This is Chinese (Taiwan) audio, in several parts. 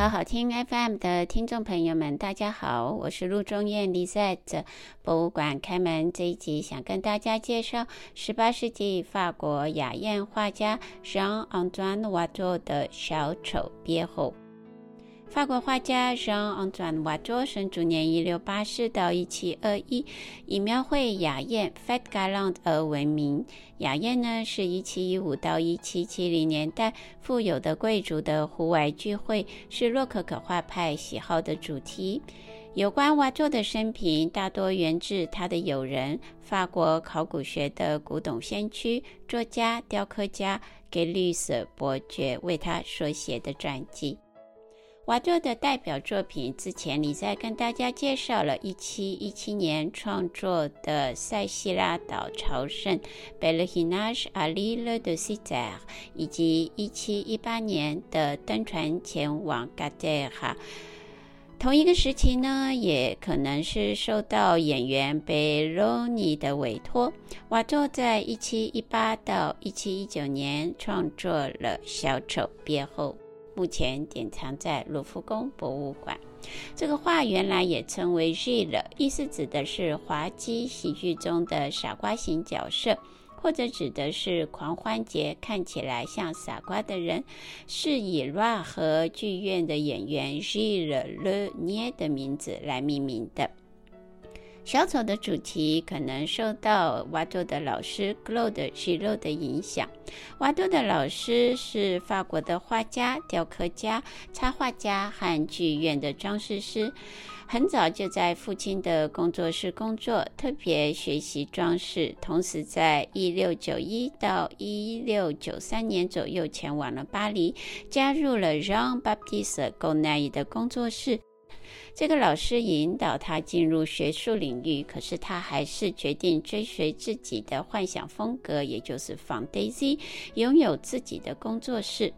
好好聽 FM 的聽眾朋友們，大家好，我是陸中艷。Lizette 博物館開門這一集，想跟大家介紹十八世紀法國雅宴畫家 Jean-Antoine Watteau 的小丑別後。法國畫家 Jean Antoine Watteau 生卒年一六八四到一七二一，21，以描繪雅宴 Fête Galante 而聞名。雅宴呢，是一七一五到一七七零年代富有的貴族的戶外聚會，是洛可可畫派喜好的主題。有關瓦卓的生平，大多源自他的友人、法國考古學的古董先驅、作家、雕刻家 Caylus 伯爵為他所寫的傳記。瓦座的代表作品，之前你在跟大家介紹了一七一七年創作的塞西拉島朝聖《Pèlerinages à l'île de Cythère》以及一七一八年的登船前往 Cythera。同一個時期呢，也可能是受到演員 Belloni 的委托，瓦座在一七一八到一七一九年創作了小丑 Pierrot。目前典藏在盧浮宮博物館。這個畫原來也稱為 “Gilles”，意思指的是滑稽喜劇中的傻瓜型角色，或者指的是狂歡節看起來像傻瓜的人。是以 Loire 河劇院的演員 Gilles le Niais 的名字來命名的。小丑的主題可能受到瓦多的老師 Claude 的 Gillot 的影響。瓦多的老師是法國的畫家、雕刻家、插畫家和劇院的裝飾師，很早就在父親的工作室工作，特別學習裝飾。同時，在1691到1693年左右，前往了巴黎，加入了讓·巴蒂斯特 ·Corneille 的工作室。這個老師引導他進入學術領域，可是他還是決定追隨自己的幻想風格，也就是 fantasy，擁有自己的工作室。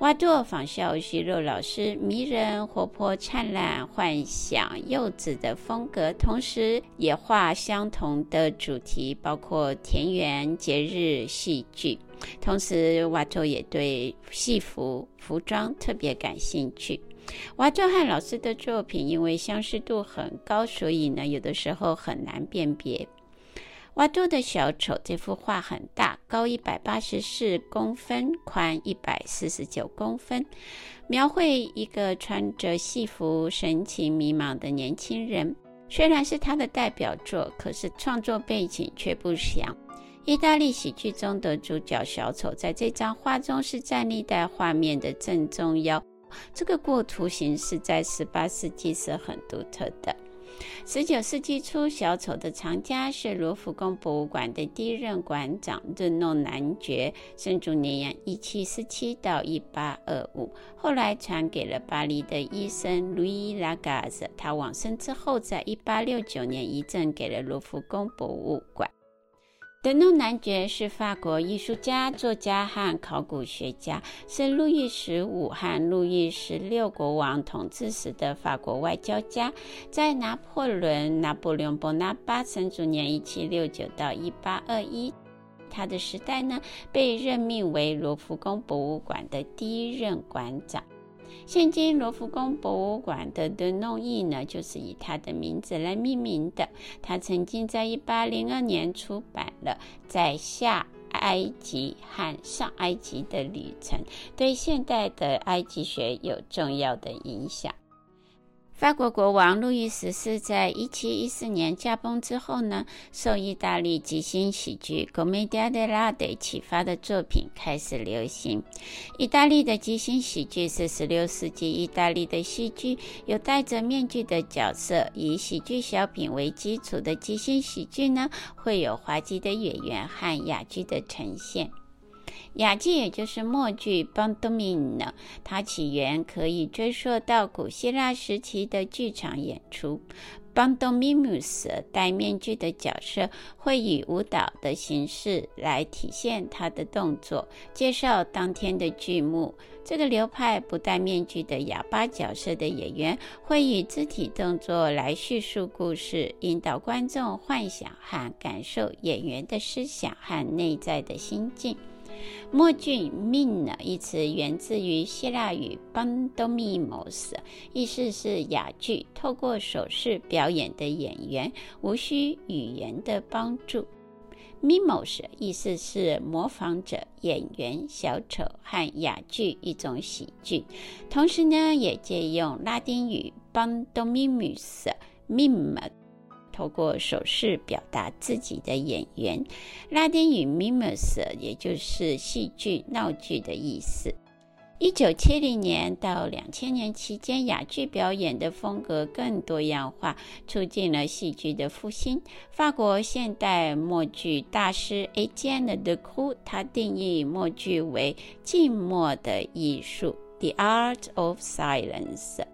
瓦多仿效徐若老師，迷人、活潑、燦爛、幻想、幼稚的風格，同時也畫相同的主題，包括田園、節日、戲劇。同時，瓦多也對戲服、服裝特別感興趣。瓦杜和老師的作品因為相似度很高，所以呢，有的時候很難辨別。瓦杜的小丑這幅畫很大，高一百八十四公分，寬一百四十九公分，描繪一個穿着戲服、神情迷茫的年輕人。雖然是他的代表作，可是創作背景卻不詳。意大利喜劇中的主角小丑，在這張畫中是站立在畫面的正中央。這個構圖形式在十八世紀是很獨特的。十九世紀初，小丑的藏家是盧浮宮博物館的第一任館長熱諾男爵，生卒年：一七四七到一八二五。後來傳給了巴黎的醫生路易拉嘎斯，他往生之後，在一八六九年遺贈給了盧浮宮博物館。德諾男爵是法國藝術家、作家和考古學家，是路易十五和路易十六國王統治時的法國外交家。在拿破崙、拿破崙·波拿巴生卒年 （1769-1821） 他的時代呢，被任命為羅浮宮博物館的第一任館長。現今羅浮宮博物館的 Denon 翼呢，就是以他的名字來命名的。他曾經在1802年出版了《在下埃及和上埃及的旅程》，對現代的埃及學有重要的影響。法國國王路易十四在1714年駕崩之後呢，受意大利即興喜劇 Commedia dell'arte 啟發的作品開始流行。意大利的即興喜劇是16世紀意大利的戲劇，有戴着面具的角色。以喜劇小品為基礎的即興喜劇呢，會有滑稽的演員和啞劇的呈現。啞劇，也就是默劇 pantomime，它起源可以追溯到古希臘時期的劇場演出。Pantomimus 戴面具的角色會以舞蹈的形式來體現他的動作，介紹當天的劇目。這個流派不戴面具的啞巴角色的演員會以肢體動作來敘述故事，引導觀眾幻想和感受演員的思想和內在的心境。默劇 mime 呢一詞源自於希臘語 pantomimos，意思是啞劇，透過手勢表演的演員，無需語言的幫助。mimos 意思是模仿者、演員、小丑和啞劇一種喜劇，同時呢也借用拉丁語 pantomimus mime。透過手勢表達自己的演員，拉丁語 mimus 也就是戲劇鬧劇的意思。一九七零年到兩千年期間，啞劇表演的風格更多樣化，促進了戲劇的復興。法國現代默劇大師 Etienne Decroux 他定義默劇為靜默的藝術，the art of silence。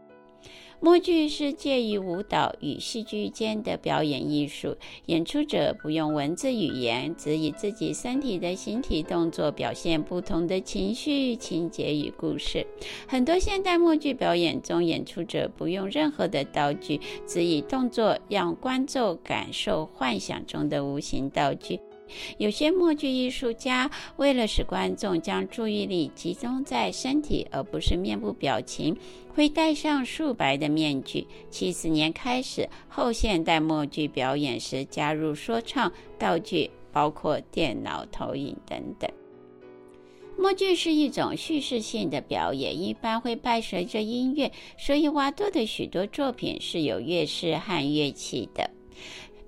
默劇是介於舞蹈與戲劇間的表演藝術，演出者不用文字語言，只以自己身體的形體動作表現不同的情緒、情節與故事。很多現代默劇表演中，演出者不用任何的道具，只以動作讓觀眾感受幻想中的無形道具。有些默劇藝術家，為了使觀眾將注意力集中在身體而不是面部表情，會戴上素白的面具。七十年開始，後現代默劇表演時加入說唱、道具，包括電腦投影等等。默劇是一種敘事性的表演，一般會伴隨着音樂，所以瓦多的許多作品是有樂師和樂器的。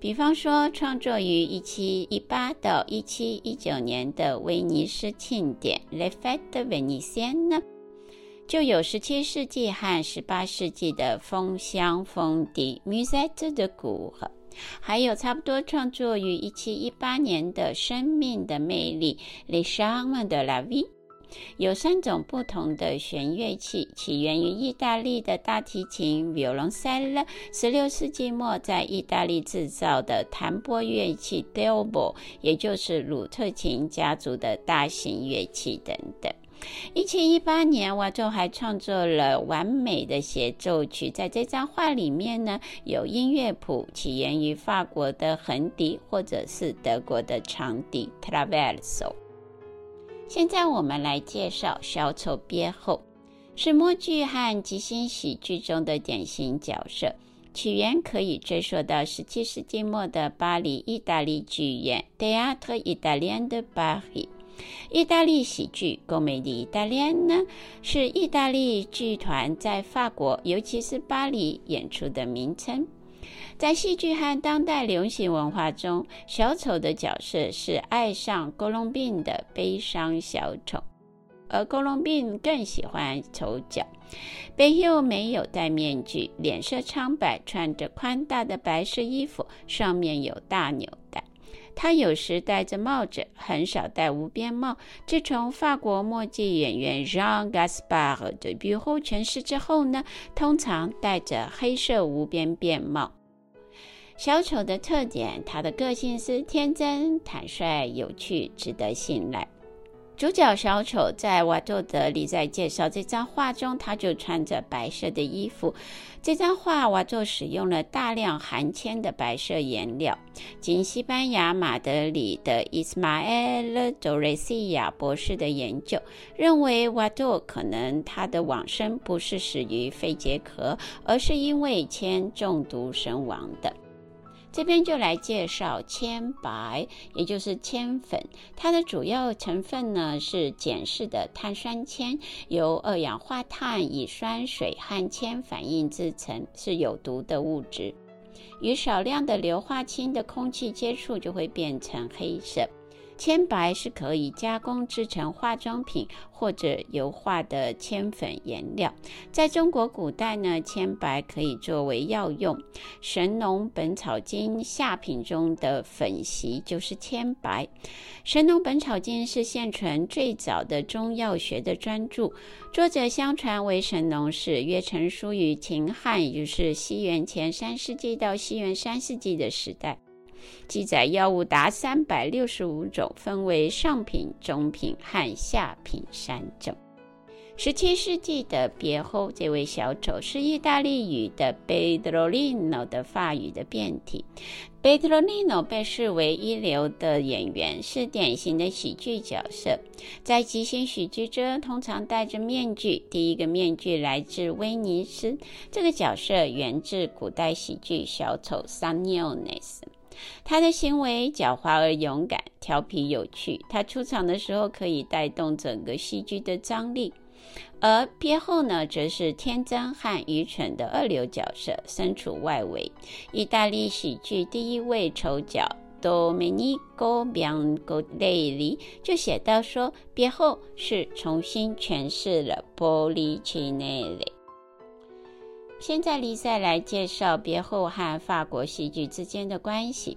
比方說，創作於一七一八到一七一九年的《威尼斯慶典》《Les Fêtes vénitiennes》呢，就有十七世紀和十八世紀的風箱、風笛、musette de cour，還有差不多創作於一七一八年的《生命的魅力》《Les Charmes de la Vie》。有三種不同的弦樂器，起源於意大利的大提琴，Violoncelle；十六世紀末在意大利製造的彈撥樂器，theorbo，也就是魯特琴家族的大型樂器等等。一七一八年，瓦仲還創作了完美的協奏曲。在這張畫裡面呢，有音樂譜，起源於法國的橫笛，或者是德國的長笛 Traverso。現在我們來介紹小丑 Pierrot，是默劇和即興喜劇中的典型角色。起源可以追溯到17世紀末的巴黎意大利劇院。Théâtre Italien de Paris。意大利喜劇。Comédie-Italienne，是意大利劇團在法國，尤其是巴黎演出的名稱。在戲劇和當代流行文化中，小丑的角色是愛上哥倫賓的悲傷小丑，而哥倫賓更喜歡丑角。他又沒有戴面具，臉色蒼白，穿着寬大的白色衣服，上面有大紐帶。他有時戴着帽子，很少戴無邊帽。自從法國默劇演員 Jean Gaspard 德布羅的詮釋之後呢，通常戴着黑色無邊便帽。小丑的特點，他的個性是天真、坦率、有趣，值得信賴。主角小丑在瓦多德裡在介紹這張畫中，他就穿着白色的衣服。這張畫瓦多使用了大量含鉛的白色顏料。經西班牙馬德里的伊斯瑪勒多瑞西亞博士的研究，認為瓦多可能他的往生不是死於肺結核，而是因為鉛中毒身亡的。這邊就來介紹鉛白，也就是鉛粉。它的主要成分呢是鹼式的碳酸鉛，由二氧化碳、乙酸、水和鉛反應製成，是有毒的物質。與少量的硫化氫的空氣接觸，就會變成黑色。鉛白是可以加工製成化妝品或者油畫的鉛粉顏料。在中國古代呢，鉛白可以作為藥用，《神農本草經》下品中的粉錫就是鉛白。《神農本草經》是現存最早的中藥學的專著，作者相傳為神農氏，約成書於秦漢，也就是西元前三世紀到西元三世紀的時代。記載藥物達三百六十五種，分為上品、中品和下品三種。十七世紀的別後，這位小丑是意大利語的 Pedrolino 的法語的變體。Pedrolino 被視為一流的演員，是典型的喜劇角色。在即興喜劇中，通常戴着面具。第一個面具來自威尼斯。這個角色源自古代喜劇小丑 Saniones 他的行為狡猾而勇敢，調皮有趣。他出場的時候可以帶動整個戲劇的張力，而別後呢，則是天真和愚蠢的二流角色，身處外圍。意大利喜劇第一位丑角多米尼哥·班戈雷里就寫道說，別後是重新詮釋了波利齊尼的。現在，麗再來介紹《別後》和法國戲劇之間的關係。《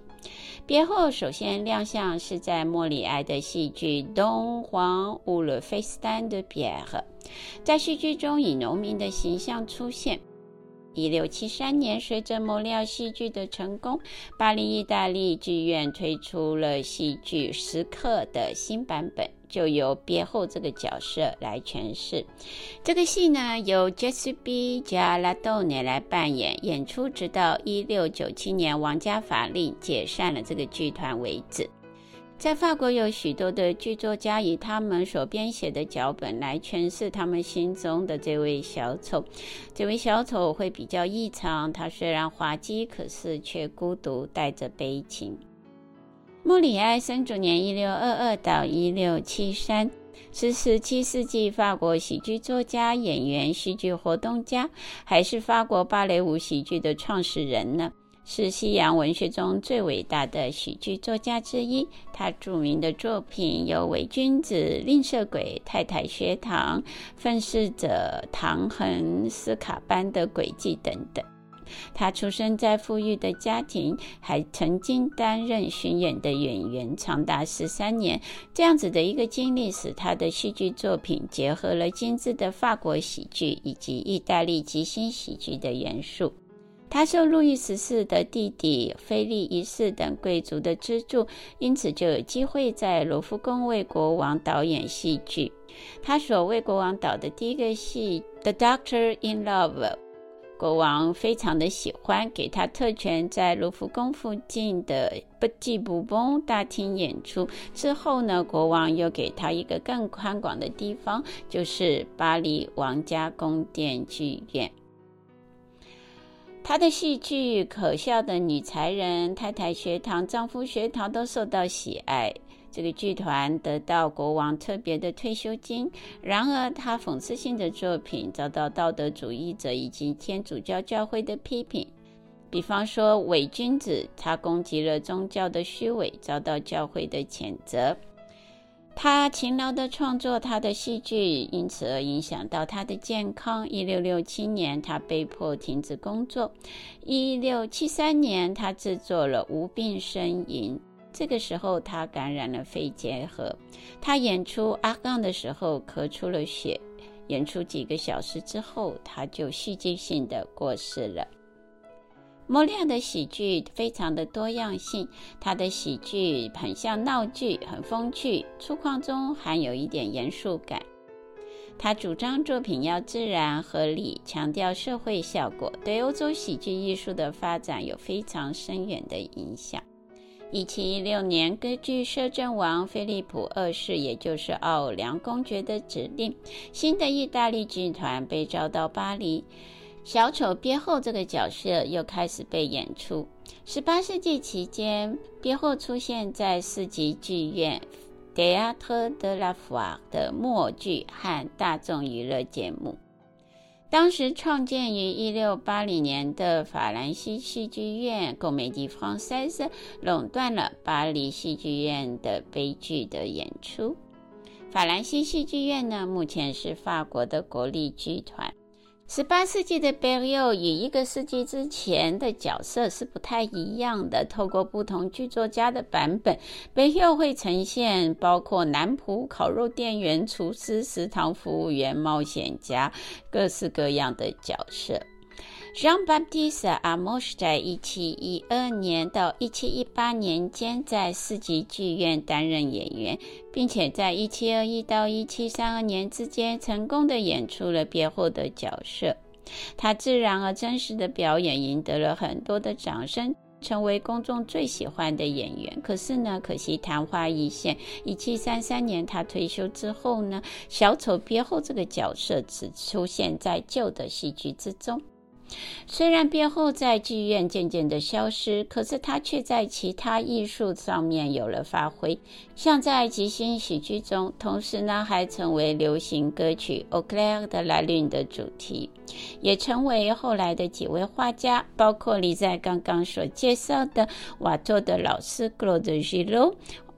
別後》首先亮相是在莫里哀的戲劇《東皇烏勒費斯丹的別後》，在戲劇中以農民的形象出現。一六七三年，隨着莫里奧戲劇的成功，巴黎意大利劇院推出了戲劇《時刻》的新版本。就由別後這個角色來詮釋。這個戲呢，由 Jesse B 加拉多內來扮演。演出直到一六九七年王家法令解散了這個劇團為止。在法國有許多的劇作家以他們所編寫的腳本來詮釋他們心中的這位小丑。這位小丑會比較異常，他雖然滑稽，可是卻孤獨，帶着悲情。莫裡哀生卒年一六二二到一六七三，是十七世紀法國喜劇作家、演員、戲劇活動家，還是法國芭蕾舞喜劇的創始人呢？是西洋文學中最偉大的喜劇作家之一。他著名的作品有《偽君子》《吝嗇鬼》《太太學堂》《憤世者》《唐璜》《斯卡班的詭計》等等。他出生在富裕的家庭，還曾經擔任巡演的演員長達十三年。這樣子的一個經歷，使他的戲劇作品結合了精緻的法國喜劇以及意大利即興喜劇的元素。他受路易十四的弟弟菲利一世等貴族的資助，因此就有機會在羅浮宮為國，國王導演戲劇。他所為國王導的第一個戲《The Doctor in Love》。國王非常的喜歡，給他特權，在盧浮宮附近的不吉不崩大廳演出。之後呢，國王又給他一個更寬廣的地方，就是巴黎王家宮殿劇院。他的戲劇、可笑的女才人、太太學堂、丈夫學堂都受到喜愛。這個劇團得到國王特別的退休金。然而，他諷刺性的作品遭到道德主義者以及天主教教會的批評。比方說，偽君子，他攻擊了宗教的虛偽，遭到教會的譴責。他勤勞地創作他的戲劇，因此而影響到他的健康。一六六七年，他被迫停止工作。一六七三年，他製作了《無病呻吟》。這個時候，他感染了肺結核。他演出《阿槓》的時候咳出了血，演出幾個小時之後，他就戲劇性的過世了。莫里亞的喜劇非常的多樣性，他的喜劇很像鬧劇，很風趣，粗獷中含有一點嚴肅感。他主張作品要自然合理，強調社會效果，對歐洲喜劇藝術的發展有非常深遠的影響。一七一六年，根據攝政王菲利普二世，也就是奧爾良公爵的指令，新的意大利劇團被招到巴黎。小丑邊後這個角色又開始被演出。十八世紀期間，邊後出現在市集劇院、戴亞特德拉弗爾的木偶劇和大眾娛樂節目。當時創建於一六八零年的法蘭西戲劇院，Comédie Française 壟斷了巴黎戲劇院的悲劇的演出。法蘭西戲劇院呢，目前是法國的國立劇團。十八世紀的 Pierrot 與一個世紀之前的角色是不太一樣的。透過不同劇作家的版本，Pierrot 會呈現包括男僕、烤肉店員、廚師、食堂服務員、冒險家，各式各樣的角色。Jean-Baptiste Amos 在1712年到1718年間，在市集劇院擔任演員，並且在1721到1732年之間成功的演出了別後的角色。他自然而真實的表演贏得了很多的掌聲，成為公眾最喜歡的演員。可是呢，可惜曇花一現。1733年他退休之後呢，小丑別後這個角色只出現在舊的戲劇之中。雖然變後在劇院漸漸的消失，可是他卻在其他藝術上面有了發揮，像在即興喜劇中，同時呢還成為流行歌曲《Au clair de la lune》的主題，也成為後來的幾位畫家，包括你在剛剛所介紹的瓦托的老師 Claude Gillot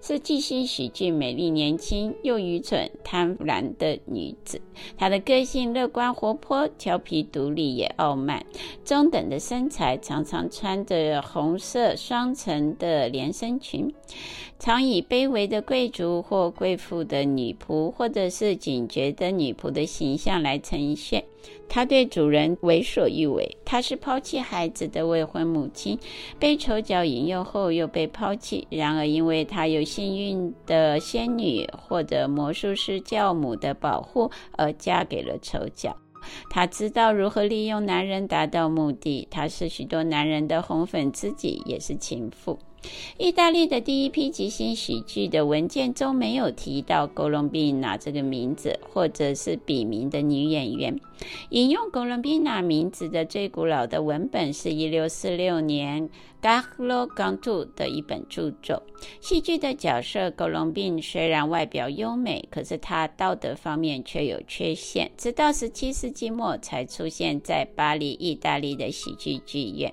是即興喜劇美麗、年輕又愚蠢貪婪的女子，她的個性樂觀、活潑、調皮獨立也傲慢，中等的身材，常常穿着紅色雙層的連身裙，常以卑微的貴族或貴婦的女僕或者是警覺的女僕的形象來呈現。她對主人為所欲為。她是拋棄孩子的未婚母親，被丑角引誘後又被拋棄。然而，因為她有幸運的仙女或者魔術師教母的保護，而嫁給了丑角。她知道如何利用男人達到目的。她是許多男人的紅粉知己，也是情婦。意大利的第一批即興喜劇的文件中沒有提到“哥倫比娜”這個名字，或者是筆名的女演員。引用“哥倫比娜”名字的最古老的文本是一六四六年 Garlo Gontu 的一本著作。戲劇的角色“哥倫比娜”雖然外表優美，可是他道德方面卻有缺陷。直到十七世紀末，才出現在巴黎、意大利的喜劇劇院。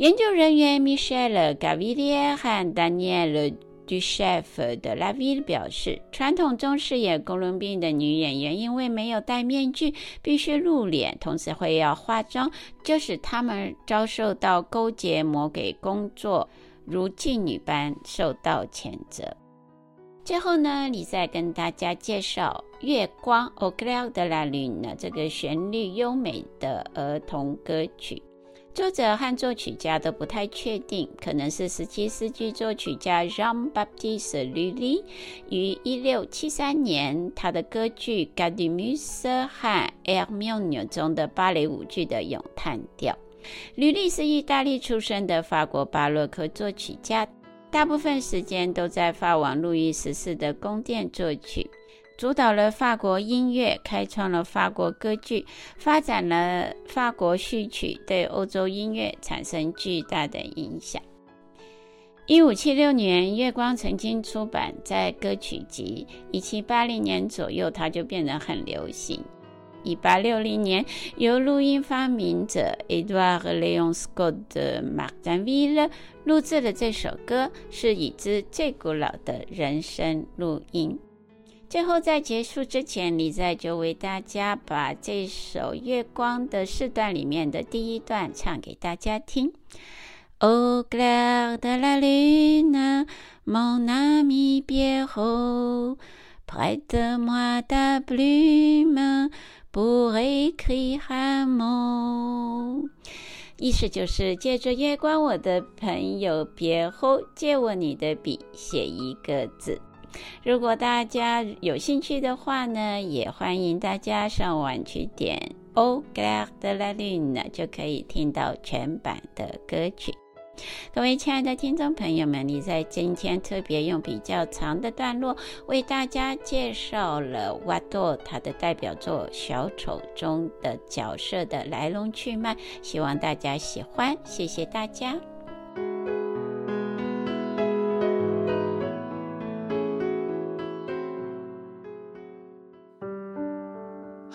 研究人員 Michelle Gavilier 和 Daniel Duchesne 的拉維表示，傳統中飾演哥倫比娜的女演員因為沒有戴面具，必須露臉，同時會要化妝，這使她們遭受到勾結魔鬼工作，如妓女般受到譴責。最後呢，你再跟大家介紹《月光》（Au clair de la lune） 這個旋律優美的兒童歌曲。作者和作曲家都不太確定，可能是十七世紀作曲家 Jean-Baptiste Lully 呂利於一六七三年他的歌劇《Cadmus》和《Hermione》中的芭蕾舞劇的詠嘆調。呂利是意大利出生的法國巴洛克作曲家，大部分時間都在法王路易十四的宮殿作曲。主導了法國音樂，開創了法國歌劇，發展了法國序曲，對歐洲音樂產生巨大的影響。一五七六年，《月光》曾經出版在歌曲集。一七八零年左右，它就變得很流行。一八六零年，由錄音發明者 Édouard Léon Scott 的 Martinville 錄製了這首歌，是已知最古老的人聲錄音。最後，在結束之前，你再就為大家把這首月光的四段裡面的第一段唱給大家聽哦。格拉格拉里納莫納米別哭拍德瑪的布里瑪布瑞克里汗姆，意思就是借着月光，我的朋友別哭，借我你的筆，寫一個字。如果大家有興趣的話呢，也歡迎大家上網去點《Au clair de la lune》，就可以聽到全版的歌曲。各位親愛的聽眾朋友們，你在今天特別用比較長的段落為大家介紹了瓦多他的代表作《小丑》中的角色的來龍去脈，希望大家喜歡。謝謝大家。